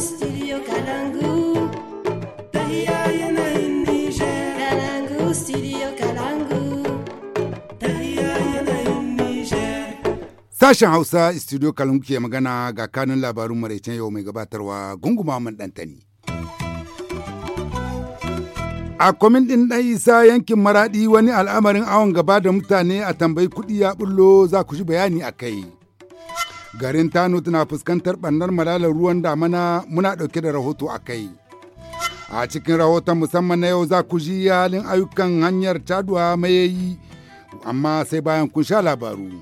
Sashen Hausa studio Kalungu ke magana ga kanun labarun maraicen yau mai gabatarwa gunguma man ɗantani. A kwamin ɗin ɗan isa yankin maraɗi wani al'amarin awon gaba da mutane a tambayi kuɗi ya ɓullo za ku ji bayani a kai. garin Tano tana fuskantar ɓannar malalar ruwan damana muna ɗauke da rahoto a kai. A cikin rahoton musamman na yau za ku ji halin ayyukan hanyar taduwa mayayi amma sai bayan kun sha labaru.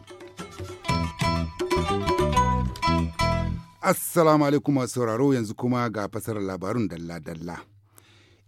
Assalamu alaikum sauraro yanzu kuma ga fasarar labarun dalla-dalla.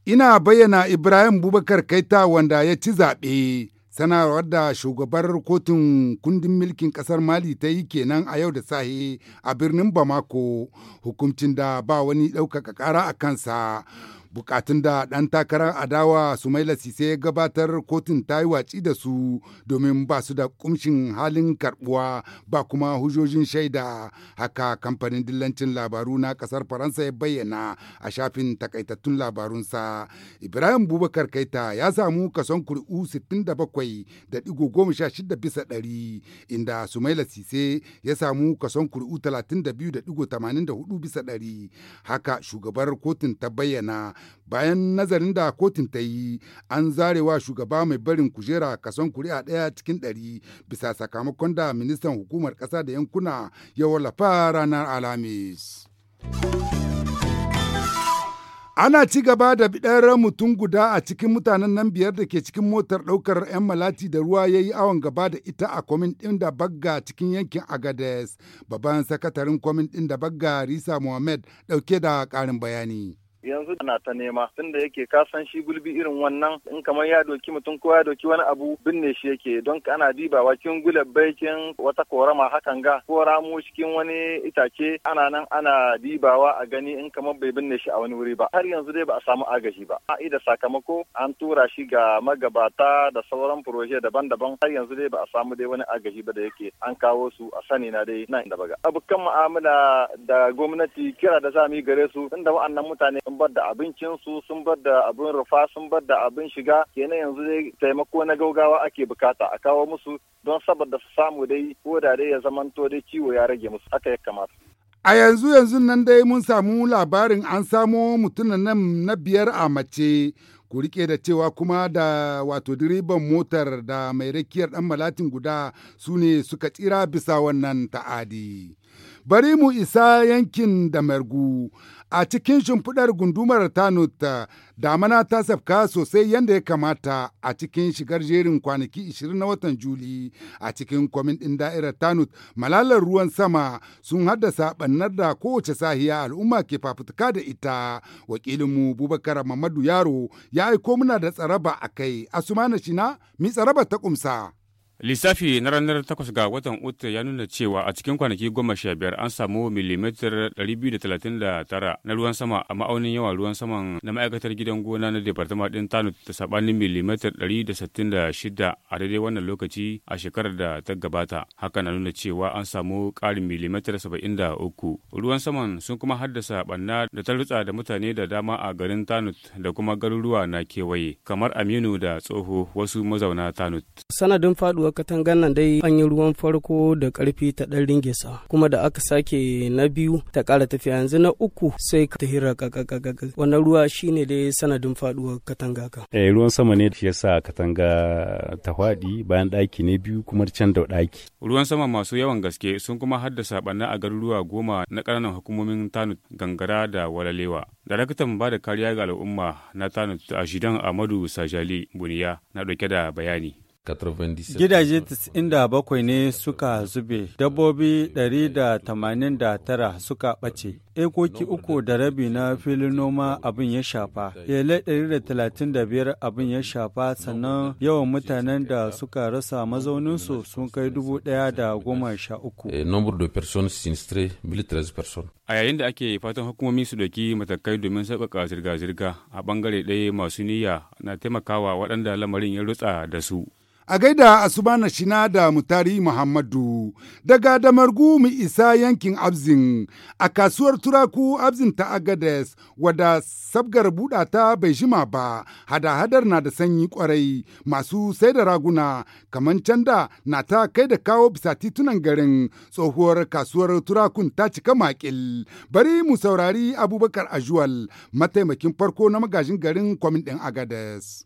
Ina bayyana Ibrahim Bubakar Kaita wanda ya ci zaɓe. sanarwar da shugabar kotun kundin mulkin kasar mali ta yi kenan a yau da sahi a birnin bamako hukuncin da ba wani ɗaukaka ƙara a kansa bukatun da ɗan takarar adawa maila sise gabatar kotun ta yi watsi da su domin ba su da kumshin halin karbuwa ba kuma hujojin shaida haka kamfanin dillancin labaru na ƙasar faransa ya bayyana a shafin takaitattun labarunsa ibrahim bubakar kaita ya samu kason kuri'u 67.16 da digo goma bisa ɗari inda sise ya samu kason kuri'u 32.84 bisa ɗari haka shugabar kotun ta bayyana bayan nazarin da kotun ta yi an zarewa shugaba mai barin kujera kason kuri'a ɗaya cikin ɗari bisa sakamakon da ministan hukumar ƙasa da yankuna ya wallafa ranar alhamis. Ana ci gaba da biɗar mutum guda a cikin mutanen nan biyar da ke cikin motar ɗaukar 'yan malati da ruwa ya yi awon gaba da ita a kwamin ɗin da bagga cikin yankin Agades. Babban sakatarin kwamin ɗin da bagga Risa Mohammed ɗauke da ƙarin bayani. yanzu ana ta nema tunda yake ka san shi gulbi irin wannan in kamar ya doki mutum ko ya doki wani abu binne shi yake don ana dibawa kin gulabbai kin wata korama hakan ga ko ramu cikin wani itace ana nan ana dibawa a gani in kamar bai binne shi a wani wuri ba har yanzu dai ba a samu agaji ba a da sakamako an tura shi ga magabata da sauran proje daban-daban har yanzu dai ba a samu dai wani agaji ba da yake an kawo su a sani na dai nan da baga abukan mu'amala da gwamnati kira da za mu yi gare su tunda wa'annan mutane sun bar da abincinsu sun bar da abin rufa sun bar da abin shiga kenan yanzu dai taimako na gaugawa ake bukata a kawo musu don saboda su samu dai ko da dai ya zamanto dai ciwo ya rage musu haka ya kamata a yanzu yanzu nan dai mun samu labarin an samo mutumin nan na biyar a mace ku rike da cewa kuma da wato direban motar da mai rakiyar dan malatin guda su ne suka tsira bisa wannan ta'adi. Bari mu isa yankin da Margu A cikin shimfiɗar gundumar Tanut, mana ta safka sosai yadda ya kamata a cikin shigar jerin kwanaki 20 na watan Juli a cikin kwamin ɗin da'irar Tanut, malalar ruwan sama sun haddasa ɓannar da kowace sahiya al'umma ke fafutuka da ita. wakilin mu Bubakar Mamadu Yaro ya aiko muna da tsaraba a kai, Asumana Shina, mi tsaraba ta ƙumsa. Lissafi na ranar 8 ga watan Uta ya nuna cewa a cikin kwanaki goma sha biyar an samu milimitar 239 na ruwan sama a ma'aunin yawan ruwan saman na ma'aikatar gidan gona na Departama ɗin Tano ta sabanin milimitar 166 a daidai wannan lokaci a shekarar da ta gabata. Haka na nuna cewa an samu ƙarin milimitar 73. Ruwan saman sun kuma haddasa ɓanna da ta rutsa da mutane da dama a garin Tanut da kuma garuruwa na kewaye kamar Aminu da Tsoho wasu mazauna Tanut. Sanadin faɗuwa faɗuwar katangan nan dai an yi ruwan farko da karfi ta ringe sa kuma da aka sake na biyu ta kara tafiya yanzu na uku sai ka tahira kakakakaka wannan ruwa shine dai sanadin faduwar katanga ka. Eh ruwan sama ne shi yasa katanga ta bayan daki ne biyu kuma can da daki. Ruwan sama masu yawan gaske sun kuma haddasa bannan a garuruwa goma na karanan hukumomin tanu Gangara da Walalewa. Daraktan ba da kariya ga al'umma na Tanut a Shidan Amadu Sajali Buniya na dauke da bayani. Gidaje 97 ne suka zube, dabbobi 189 suka ɓace, ekoki uku da rabi na filin noma abin ya shafa, ele 135 abin ya shafa sannan yawan mutanen da suka rasa mazauninsu sun kai 1,013. Eh, a yayin da ake fatan hukumomi su ɗauki matakai domin sauƙaƙa zirga-zirga a bangare ɗaya masu niyya na taimakawa waɗanda lamarin ya rutsa da su. A gaida na Shina da Mutari Muhammadu daga Damargu mu isa yankin Abzin a kasuwar Turaku Abzin ta Agades wada sabgar buɗa ta bai jima ba hada-hadar na da sanyi kwarai masu sai da raguna kamar can na ta kai da kawo bisa titunan garin tsohuwar kasuwar Turakun ta cika makil. Bari mu saurari Abubakar Ajuwal mataimakin farko na magajin garin kwamin din Agades.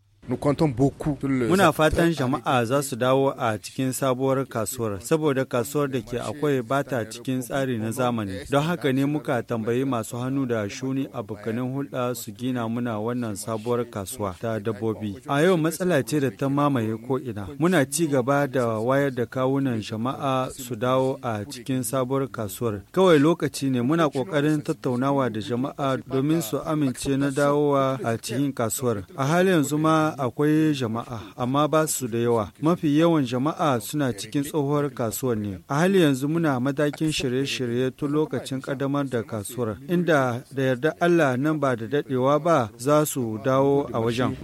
Muna fatan jama'a za su dawo a cikin sabuwar kasuwar, saboda kasuwar da ke akwai bata cikin tsari na zamani. Don haka ne muka tambayi masu hannu da shuni abokanin hulɗa su gina muna wannan sabuwar kasuwa ta dabbobi. A yau matsala ce da ta mamaye ko'ina. Muna ci gaba da wayar da kawunan jama'a su dawo a cikin sabuwar kasuwar. Kawai lokaci ne muna ƙoƙarin tattaunawa da jama'a domin su amince na dawowa a cikin kasuwar. A halin yanzu ma akwai jama'a amma ba su da yawa. Mafi yawan jama'a suna cikin tsohuwar kasuwar ne. A hali yanzu muna matakin shirye-shirye tun lokacin kadamar da kasuwar inda da yarda Allah nan ba da dadewa ba za su dawo a wajen.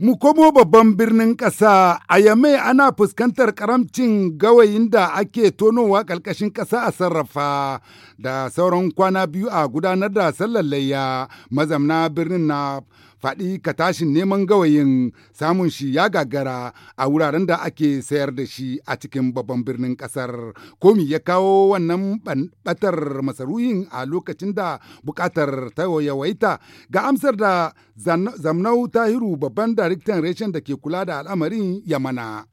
Mu komo babban birnin ƙasa a yamai ana fuskantar karamcin gawayin da ake tonowa ƙarƙashin ƙasa a sarrafa da sauran kwana biyu a gudanar da sallar layya mazamna birnin na faɗi ka tashin neman gawayin samun shi ya gagara a wuraren da ake sayar da shi a cikin babban birnin ƙasar komi ya kawo wannan batar masaruyin a lokacin da buƙatar ta yawaita ga amsar da zamnau tahiru babban daraktan reshen da ke kula da al'amarin yamana.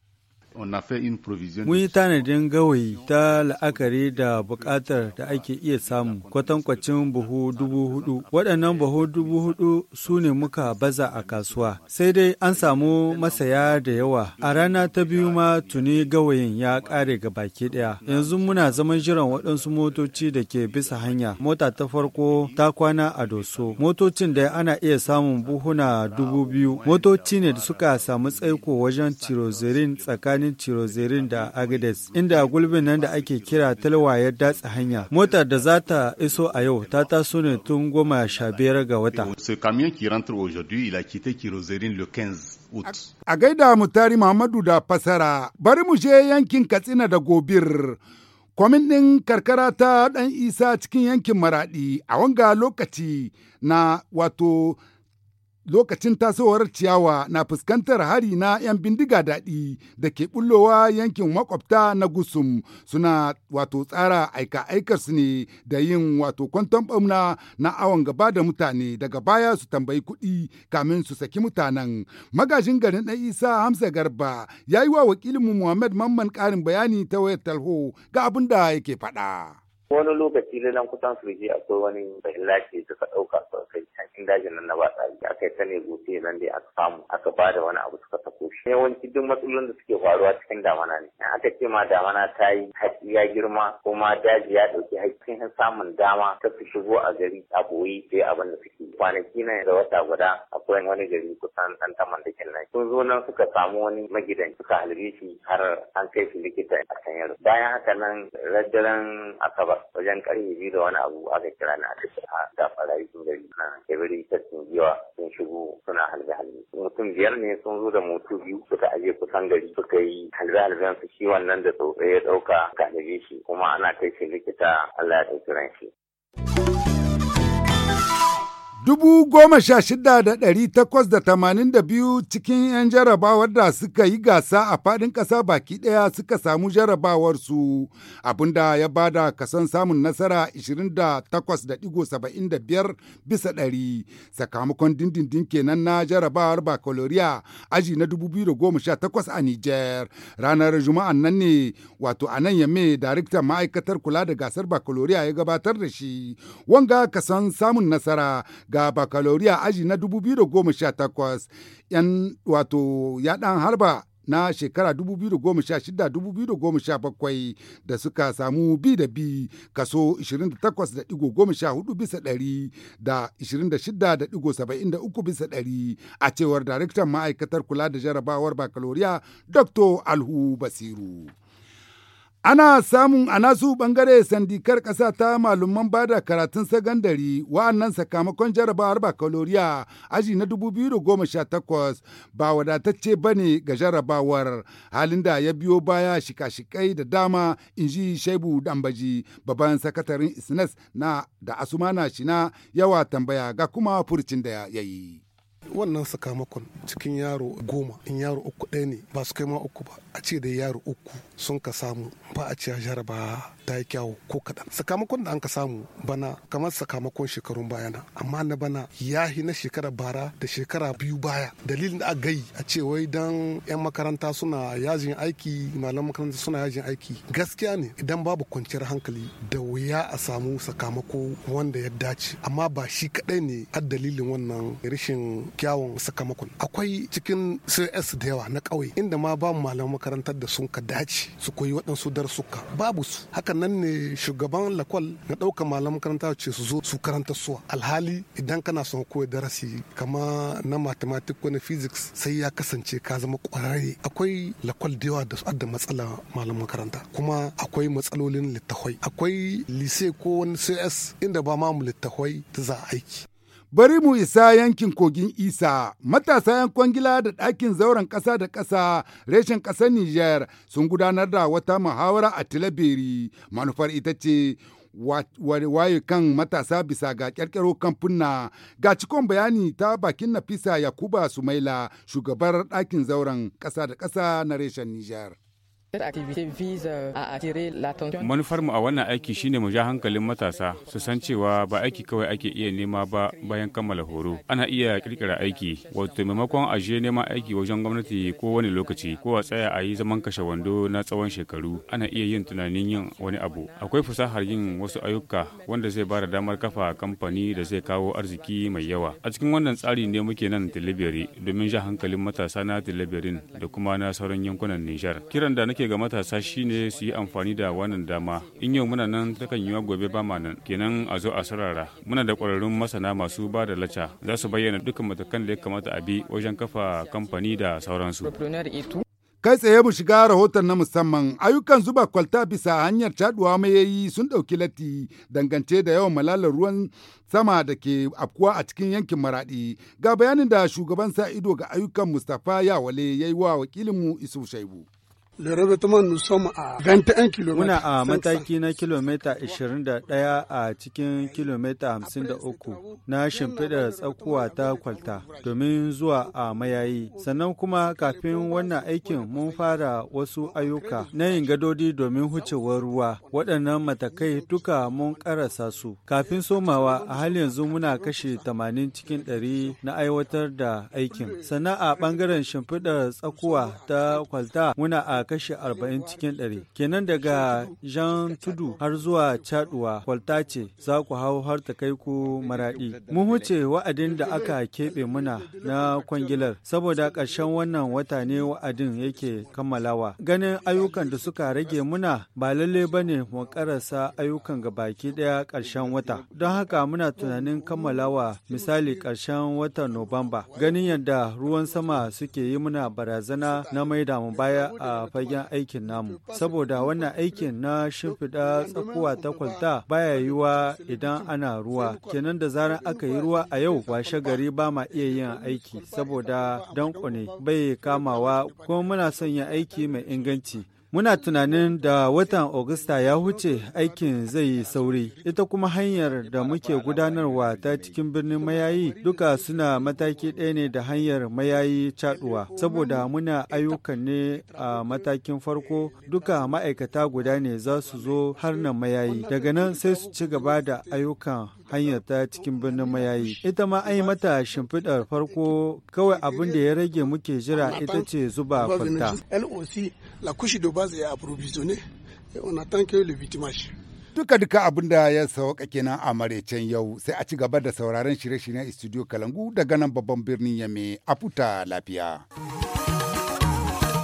Mun yi tanadin gawayi ta la'akari da buƙatar da ake iya samu kwatankwacin buhu dubu hudu. Waɗannan buhu dubu hudu su ne muka baza a kasuwa. Sai dai an samu masaya da yawa. A rana ta biyu ma tuni gawayin ya ƙare ga baki ɗaya. Yanzu muna zaman jiran waɗansu motoci da ke bisa hanya. Mota ta farko ta kwana a doso. Motocin da ana iya samun buhuna dubu biyu. Motoci ne da suka samu tsaiko wajen tirozirin tsakanin tsakanin Tirozerin da Agades, inda gulbin nan da ake kira talwa ya datse hanya. Motar da za ta iso a yau ta taso ne tun goma sha biyar ga wata. A gaida mutari Muhammadu da fasara, bari mu je yankin Katsina da Gobir. Kwamin ɗin karkara ta ɗan isa cikin yankin maraɗi a wanga lokaci na wato lokacin tasowar ciyawa na fuskantar hari na 'yan bindiga daɗi da ke bullowa yankin makwabta na gusum suna wato tsara aika-aikar su ne da yin wato kwanton ɓamna na awon gaba da mutane daga baya su tambayi kuɗi kamin su saki mutanen magajin garin ɗan isa hamza garba ya yi wa wakilinmu muhammad mamman ƙarin bayani ta wayar talho ga abin da yake faɗa. wani lokaci da nan kusan surji akwai wani bahilla ce suka ɗauka sosai cikin dajin nan na ba tsari aka yi ta ne gobe nan dai aka samu aka ba da wani abu suka sako shi yawanci duk matsalolin da suke faruwa cikin damana ne in ta ce ma damana ta yi haƙi ya girma kuma daji ya ɗauki haƙƙin samun dama ta su shigo a gari a boye sai abin da suke kwanaki nan da wata guda akwai wani gari kusan ɗan taman da kenan sun zo nan suka samu wani magidan suka halbe shi har an kai su likita a kan yaro bayan haka nan raddaren asabar wajen karfe biyu da wani abu aka kira na aka a dafa sun gari na kebiri ta giwa sun shigo suna halbe halbe mutum biyar ne sun zo da mutu biyu suka aje kusan gari suka yi halbe halben su shi wannan da tsotse ya dauka ka shi kuma ana kai shi likita Allah ya ɗauki ran shi. biyu cikin 'yan jarabawar da suka yi gasa a faɗin ƙasa baki ɗaya suka samu jarabawar jarabawarsu abinda ya bada kasan samun nasara 28.75 bisa ɗari sakamakon dindindin kenan na jarabawar bakaloriya aji na 2018 a Nijar ranar juma'an nan ne wato a nan yamme daraktan ma'aikatar kula da gasar bakaloriya ya gabatar da shi wanga kasan samun nasara ga bakaloriya aji na 2018 'yan wato ya dan harba na shekara 2016-2017 da suka samu bi da bi kaso 28.14 bisa ɗari da 26.73 bisa ɗari a cewar daraktan ma'aikatar kula da jarabawar bakaloriya dr alhu basiru. Ana samun a nasu bangare sandikar ƙasa ta malaman bada karatun sagandari wa'annan sakamakon jarabawar bakaloriya aji na 2018 ba wadatacce ba ne ga jarabawar halin da ya biyo baya shika-shikai da dama in ji Shaibu Dambaji babban sakatarin Isnes na da Asumana Shina yawa tambaya ga kuma furcin da ya yi. wannan sakamakon cikin yaro goma in yaro uku ɗaya ne ba su kai ma uku ba a ce da yaro uku sun ka samu ba a ce a jaraba ta yi kyawu ko kaɗan sakamakon da an ka samu bana kamar sakamakon shekarun baya na amma na bana ya hi na shekara bara da shekara biyu baya dalilin da a gai a ce wai dan yan makaranta suna yajin aiki malam makaranta suna yajin aiki gaskiya ne idan babu kwanciyar hankali da wuya a samu sakamako wanda ya dace amma ba shi kaɗai ne a dalilin wannan rashin kyawun sakamakon akwai cikin cs da yawa na ƙauye inda ma ba malaman makarantar da sun ka dace su koyi waɗansu darsuka babu su hakan nan ne shugaban lakwal na ɗaukar malaman makaranta ce su zo su karanta suwa alhali idan kana son koyi darasi kama na mathematics ko na physics sai ya kasance ka zama ƙwararre akwai lakwal da yawa da su adda matsala malam makaranta kuma akwai matsalolin littafai akwai lise ko wani cs inda ba ma mu littafai za aiki Bari mu isa yankin kogin Isa, matasa 'yan kwangila da ɗakin zauren ƙasa da ƙasa reshen ƙasar Nijar sun gudanar da wata muhawara a Tilaberi. Manufar ita ce waye kan matasa bisa ga ƙyarƙyaro kamfuna ga cikon bayani ta bakin Nafisa Yakuba Sumaila, shugabar ɗakin zauren ƙasa da ƙasa na reshen Nijar. Euh, Manufarmu a wannan aiki shine mu ja hankalin matasa su san cewa ba aiki kawai ake iya nema ba bayan kammala horo. Ana iya kirkira aiki, wato maimakon a je neman aiki wajen gwamnati ko wani lokaci ko a tsaya a yi zaman kashe wando na tsawon shekaru. Ana iya yin tunanin yin wani abu. Akwai fasahar yin wasu ayyuka wanda zai bada damar kafa kamfani da zai kawo arziki mai yawa. A cikin wannan tsari ne muke nan Tilibiri domin ja hankalin matasa na Tilibirin da kuma na sauran yankunan Nijar. Kiran da nake ga matasa shine su yi amfani da wannan dama in yau muna nan ta yi yiwa gobe ba nan kenan a zo a sarara muna da ƙwararrun masana masu ba da lacca za su bayyana dukkan matakan da ya kamata a bi wajen kafa kamfani da sauransu kai tsaye mu shiga rahoton na musamman ayyukan zuba kwalta bisa hanyar caduwa mayayi sun ɗauki latti dangance da yawan malalar ruwan sama da ke afkuwa a cikin yankin maraɗi ga bayanin da shugaban sa ido ga ayyukan mustapha yawale ya yi wa wakilinmu isu shaibu Le revêtement nous sommes à 21 km. Muna a mataki na kilomita 21 a cikin kilomita 53 na shimfiɗar tsakuwa ta kwalta domin zuwa a mayayi. Sannan kuma kafin wannan aikin mun fara wasu ayyuka na yin gadodi domin hucewar ruwa. Waɗannan matakai duka mun ƙarasa su. Kafin somawa a hal yanzu muna kashe 80 cikin 100 na aiwatar da aikin. Sannan a ɓangaren shimfiɗar tsakuwa ta kwalta muna a kashi 40 cikin 100 kenan daga jean tudu har zuwa caduwa kwalta ce za ku hau har ta kai ku maradi mu huce wa'adin da aka keɓe muna na kwangilar saboda ƙarshen wannan wata ne wa'adin yake kammalawa ganin ayyukan da suka rage muna ba lalle ba ne mu karasa ayyukan ga baki ɗaya ƙarshen wata don haka muna tunanin kammalawa misali ƙarshen watan nobamba ganin yadda ruwan sama suke yi muna barazana na maida mu baya a fagen aikin namu saboda wannan aikin na shimfiɗa tsakuwa ta kwalta baya yiwa idan ana ruwa kenan da zaran aka yi ruwa a yau washe gari ba ma iya yin aiki saboda danko ne bai kamawa kuma muna son yin aiki mai inganci Muna tunanin da watan Agusta ya huce aikin zai yi sauri, ita kuma hanyar da muke gudanarwa ta cikin birnin mayayi duka suna mataki ɗaya ne da hanyar mayayi caɗuwa, saboda muna ayyukan ne a matakin farko duka ma'aikata guda ne za su zo har mayayi, daga nan sai su ci gaba da ayyukan hanyar ta cikin birnin mayayi ita ma an yi mata shimfiɗar farko kawai abin da ya rage muke jira ita ce zuba kwanta duka duka abin da ya sauka kenan a maraicen yau sai a ci gaba da sauraron shirye-shiryen studio kalangu daga nan babban birnin yame a futa lafiya.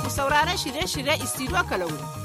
sauraron shirye-shirye kalangu